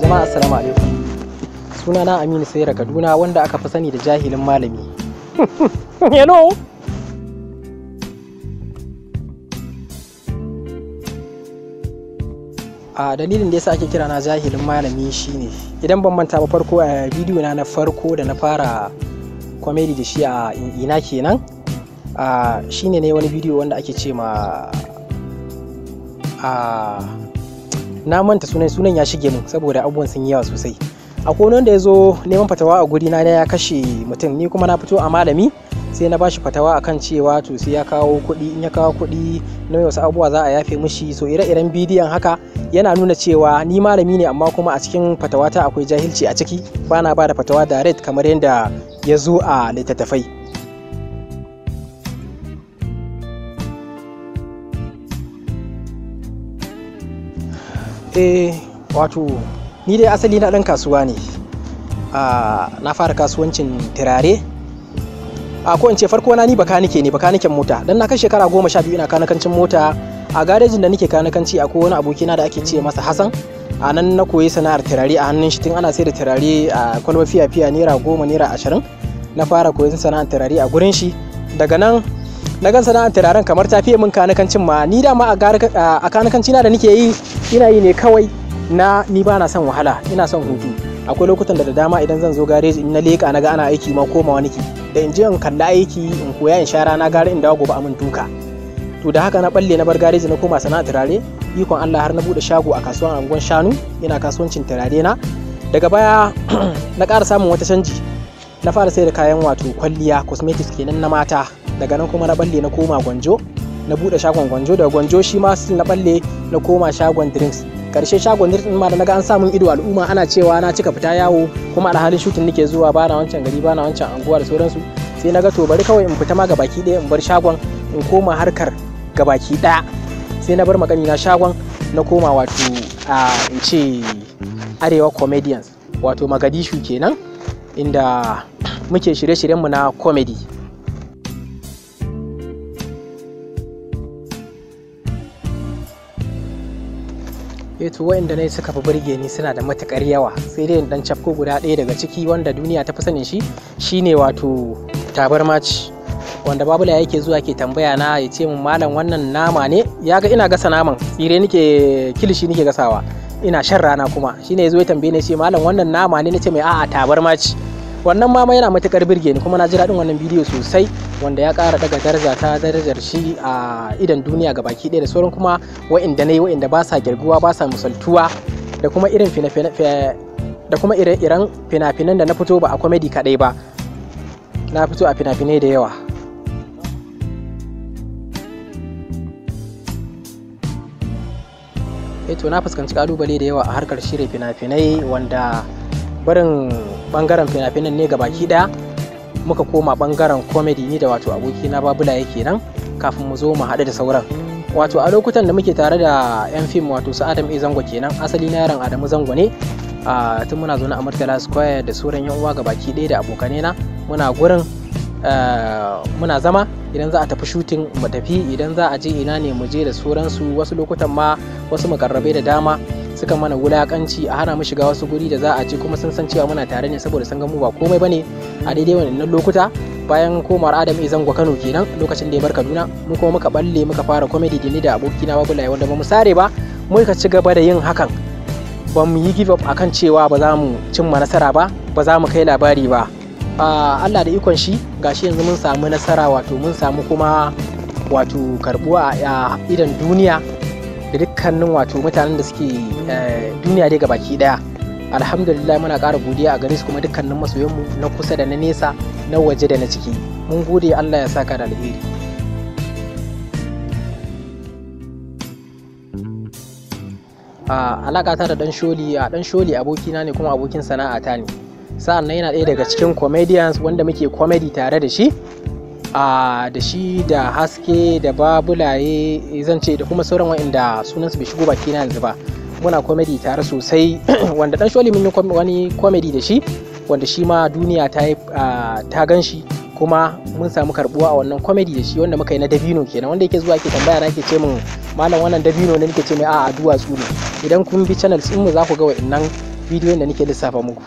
jama'a assalamu alaikum. na Aminu Saira Kaduna wanda aka fi sani da jahilin malami. Yano. a dalilin da yasa ake kira na jahilin malami shine idan ban manta ba farko a eh, bidiyo na na farko da na fara comedy da shi a ina kenan shine ne wani bidiyo wanda ake ce ma a na manta sunan sunan ya shige min saboda abubuwan sun yi yawa sosai A akwai wanda ya zo neman fatawa a guri na ya kashe mutum ni kuma na fito a malami sai na bashi fatawa akan cewa to sai ya kawo kuɗi in ya kawo kuɗi na wasu abubuwa za a yafe mishi so ire-iren bidiyon haka yana nuna cewa ni malami ne amma kuma a cikin fatawata akwai jahilci a ciki bana ba da fatawa direct kamar yadda ya zo a littattafai eh wato ni dai asali na dan kasuwa ne ah, na fara kasuwancin turare a ah, ko in ce farko na ni bakanike ne bakaniken mota dan na kai shekara goma sha biyu ina kanakancin mota a garejin da nake kanakanci akwai wani abokina da ake ce masa hassan a nan na koyi sana'ar turare a hannun shi tun ana sai da turare a kwalba fiya fiya naira goma naira ashirin na fara koyon sana'ar turare a gurin shi daga nan na gan sana'ar turaren kamar ta fiye min kanakancin ma ni dama a kanakanci na da nake yi ina yi ne kawai na ni ba na son wahala ina son hutu akwai lokutan da da dama idan zan zo gareji in na leka na ga ana aiki ma wani ki da in je in kalla aiki in koya in sha rana gare in dawo gobe a min duka to da haka na balle na bar gareji na koma sana'a turare ikon Allah har na bude shago a kasuwar angon shanu ina kasuwancin turare na daga baya na ƙara samun wata canji na fara sayar da kayan wato kwalliya cosmetics kenan na mata daga nan kuma na balle na koma gwanjo na buɗe shagon gwanjo daga gwanjo shi ma na balle na koma shagon drinks karshe shagon drinks ma da naga an samun ido al'umma ana cewa na cika fita yawo kuma alhalin shutin nake zuwa bana wancan gari bana wancan anguwa sauransu sai naga to bari kawai in fita ma gabaki ɗaya in bar shagon in koma harkar gabaki ɗaya sai na bar magani na shagon na koma wato a in ce arewa comedians wato magadishu kenan inda muke shirye shiryen mu na comedy eh to wa'inda ne suka fi burge ni suna da matukar yawa sai dai dan cafko guda ɗaya daga ciki wanda duniya ta fi sanin shi shine wato tabarma wanda babula yake zuwa ke tambaya na ya ce min malam wannan nama ne ya ga ina gasa naman tsire nike kilishi nike gasawa ina shan rana kuma shine ya zo ya tambaye ni ce malam wannan nama ne nace mai a'a tabarmaci wannan ma yana matukar birge ni kuma na ji daɗin wannan bidiyo sosai wanda ya ƙara daga daraja ta darajar shi a idan duniya ga baki ɗaya da sauran kuma wa'inda ne wa'inda ba sa girguwa ba sa misaltuwa da kuma irin da kuma ire-iren fina-finan da na fito ba a komedi kaɗai ba na fito a fina-finai da yawa eh to na fuskanci kalubale da yawa a harkar shirya fina-finai wanda barin bangaren fina-finan ne ga baki daya muka koma bangaren comedy ne da wato abokina babula yake nan kafin mu zo mu haɗu da sauran wato a lokutan da muke tare da yan fim wato su adam e zango kenan asali na yaron adamu zango ne a tun muna na a murtala square da sauran yan uwa ga baki ɗaya da abokanai na muna gurin muna zama idan za a tafi shooting mu tafi idan za a je ina ne mu je da sauransu wasu lokutan ma wasu makarrabai da dama suka mana wulakanci a hana mu shiga wasu guri da za a ci kuma sun san cewa muna tare ne saboda sun ga mu ba komai bane a daidai wannan lokuta bayan komar adam gwa kano kenan lokacin da ya bar kaduna mu kuma muka balle muka fara comedy da ni da abokina babulaye wanda ba mu sare ba muka ci gaba da yin hakan ba mu yi give up akan cewa ba za mu cimma nasara ba ba za mu kai labari ba Allah da ikon shi gashi yanzu mun samu nasara wato mun samu kuma wato karbuwa a idan duniya da dukkanin wato mutanen da suke eh, duniya dai gabaki daya alhamdulillah muna kara godiya a gare su kuma dukkanin mu na kusa da na nesa na waje da na ciki mun gode allah ya saka da alheri alaƙa ta da dan sholi a dan sholi abokina ne kuma abokin sana'a ta ne sa'an nan yana ɗaya daga cikin comedians wanda muke comedy tare da shi a da shi da haske da babulaye zan ce da kuma sauran wa'inda sunansu bai shigo baki na yanzu ba muna komedi tare sosai wanda dan sholi mun yi wani komedi da shi wanda shi ma duniya ta ta gan shi kuma mun samu karbuwa a wannan komedi da shi wanda muka yi na dabino kenan wanda yake zuwa ke tambaya na ke ce min malam wannan dabino ne nake ce mai a'a duwatsu ne idan kun bi channel din mu za ku ga wa'innan bidiyon da nake lissafa muku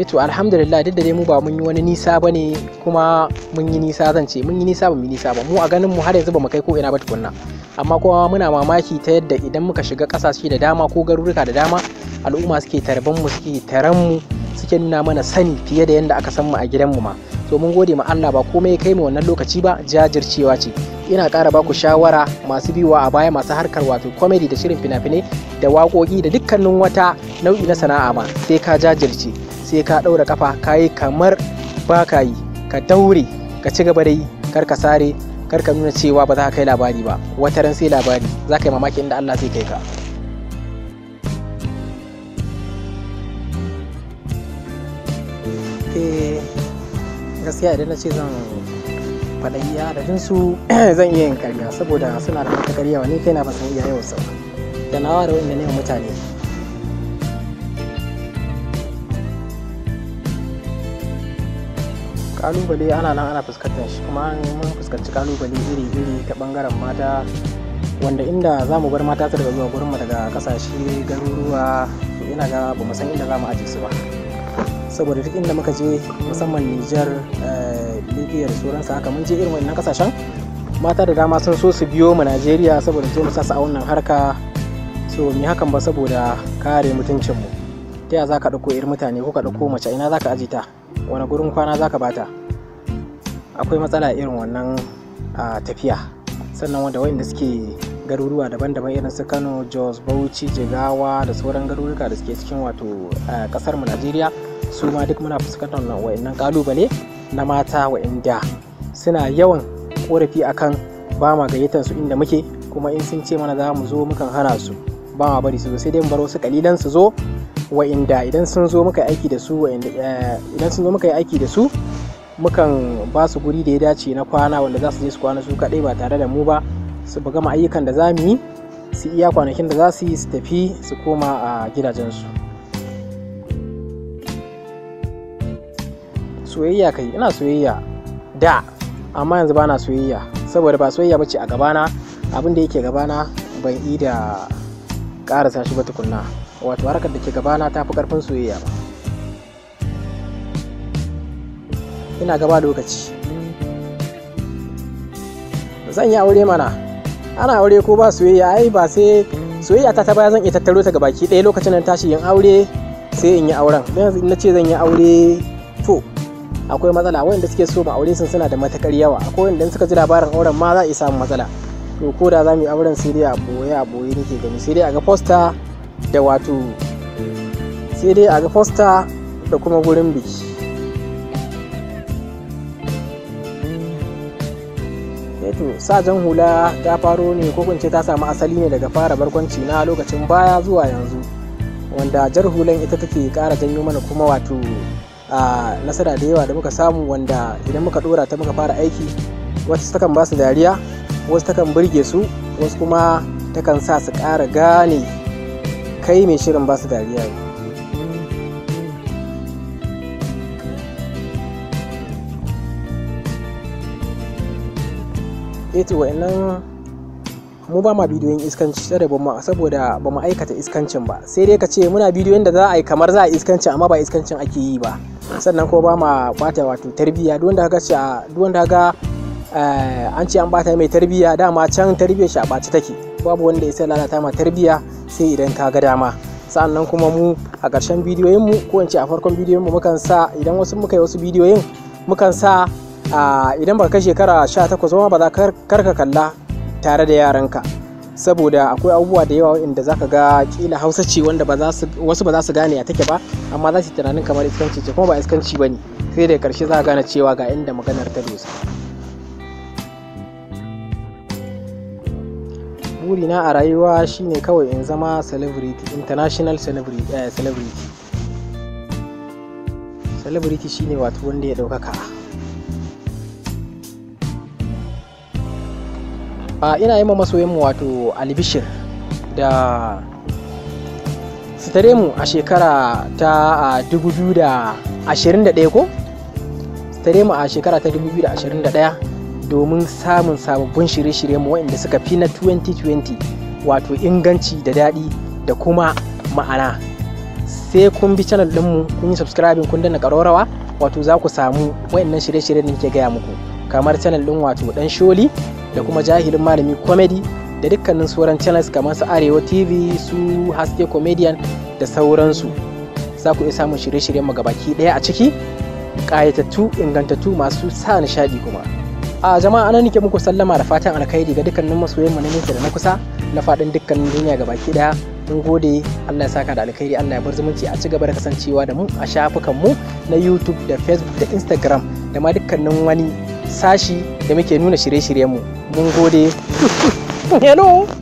eto eh alhamdulillah duk da dai mu ba mun yi wani nisa ba ne kuma mun yi nisa zan ce mun yi nisa ba mu yi nisa ba mu a ganin mu har yanzu ba mu kai ko ina ba tukunna amma kuma muna mamaki ta yadda idan muka shiga kasashe da dama ko garuruka da dama al'umma suke tarban mu suke taran mu suke nuna mana sani fiye da yadda aka san mu a gidan mu ma to mun gode ma Allah ba komai kai mu wannan lokaci ba jajircewa ce ina kara ba ku shawara masu biwa a baya masu harkar wato comedy da shirin fina-finai da waƙoƙi da dukkanin wata nau'i na sana'a ma sai ka jajirce sai ka ɗaura kafa ka yi kamar ba ka yi ka daure ka ci gaba da yi kar ka sare kar ka nuna cewa ba za ka kai labari ba wata ran sai labari za ka yi mamaki inda Allah zai kai ka eh, gaskiya idan na ce zan faɗa iya adadin su zan iya yin karya saboda suna da matuƙar yawa ni na ba san iya yau sau da nawa da wanda ne mutane kalubale ana nan ana fuskantar shi kuma mun fuskanci kalubale iri-iri ta bangaren mata wanda inda za mu bar mata su daga zuwa gurinmu daga kasashe garuruwa ina ga ba mu san inda za mu aje su ba saboda duk inda muka je musamman nijar eh, libya da sauransu haka mun je irin wannan kasashen mata da dama sun so su biyo mu najeriya saboda je mu sa su a wannan harka so mu hakan ba saboda kare mutuncinmu ta yaya za ka ɗauko irin mutane ko ka ɗauko mace ina za ka aje ta wani gurin kwana za ka bata akwai matsala irin wannan tafiya sannan wanda wanda suke garuruwa daban-daban irin su kano jos bauchi jigawa da sauran garuruka da suke cikin wato kasar mu najeriya su ma duk muna fuskantar wa'annan kalubale na mata wa'anda suna yawan korafi akan ba ma gayyatar su inda muke kuma in sun ce mana za mu zo mukan hana su ba ma bari su zo sai dai mu bar wasu kalilan su zo wa'inda idan sun zo muka aiki da su eh, idan sun zo muka yi aiki da su mukan ba su guri da ya dace na kwana wanda za su je su kwana su kaɗai ba tare da mu ba su buga ayyukan da za mu yi su iya kwanakin da za su yi su tafi su koma a gidajensu soyayya kai ina soyayya da amma yanzu bana soyayya saboda ba soyayya bace a gabana abin da yake gabana ban yi da ƙarasa shi ba tukunna wato harkar da ke gabana ta fi karfin soyayya ba ina gaba lokaci zan yi aure mana ana aure ko ba soyayya ai ba sai soyayya ta ta baya zan iya tattaro ta gabaki ɗaya lokacin nan tashi yin aure sai in yi auren don na ce zan yi aure to akwai matsala wanda suke so ba aure sun suna da matakar yawa akwai wanda suka ji labarin auren ma za a iya samun matsala to ko da za mu yi auren sai dai a boye a boye nake gani sai dai a ga fosta da wato sai dai a ga fosta da kuma gurin biki eh to sa jan hula ta faro ne ko kunce ta samu asali ne daga fara barkwanci na lokacin baya zuwa yanzu wanda jar hulan ita take kara janyo mana kuma wato a nasara da yawa da muka samu wanda idan muka dora ta muka fara aiki wasu takan ba su dariya wasu takan burge su wasu kuma takan sa su kara gane kai mai shirin basu dariya ne eti eh wa'annan mu ba ma bidiyon iskanci da ba saboda ba mu aikata iskancin ba sai dai ka ce muna bidiyon da za a yi kamar za a iskancin amma ba iskancin ake yi ba sannan ko ba ma bata wato tarbiyya duk wanda ka ce duk wanda ka eh, an ce an bata mai tarbiyya dama can tarbiyyar shi a bace take babu wanda ya sai lalata ma tarbiyya sai idan ka ga dama sa'annan kuma mu a ƙarshen bidiyoyin mu ko a farkon bidiyoyin mu mukan sa idan wasu muka yi wasu bidiyoyin mukan sa idan baka kai shekara 18 ba ba za ka kalla tare da yaran ka saboda akwai abubuwa da yawa inda zaka ga kila hausa ce wanda ba wasu ba za su gane a take ba amma za su tunanin kamar iskanci ce kuma ba iskanci ne sai da karshe za ka gane cewa ga inda maganar ta dosa burina a rayuwa shine kawai in zama celebrity international celebrity eh, celebrity celebrity shine wato wanda ya ɗaukaka a ina yi ma mu wato albishir da sitare mu a shekara ta 2021 ko? sitare mu a shekara ta 2021 domin samun sababbin shirye mu wa'inda suka fi na 2020 wato inganci da daɗi da kuma ma'ana sai kun bi channel ɗinmu kun yi subscribing kun dana ƙararrawa wato za ku samu waɗannan shirye-shiryen da ke gaya muku kamar channel ɗin wato ɗan sholi da kuma jahilin malami comedy da dukkanin sauran channels kamar su arewa tv su haske comedian da sauransu za ku iya samun shirye-shiryen mu gabaki ɗaya a ciki ƙayatattu ingantattu masu sa nishaɗi kuma a jama'a ana nike muku sallama da fatan alkhairi ga dukkanin mu na nesa da na kusa na faɗin dukkanin duniya baki daya mun gode Allah ya saka da alkhairi Allah ya bar zumunci a ci da kasancewa da mu a shafukan mu na YouTube da Facebook da Instagram da ma dukkanin wani sashi da muke nuna shirye-shiryenmu shiryen mun gode hello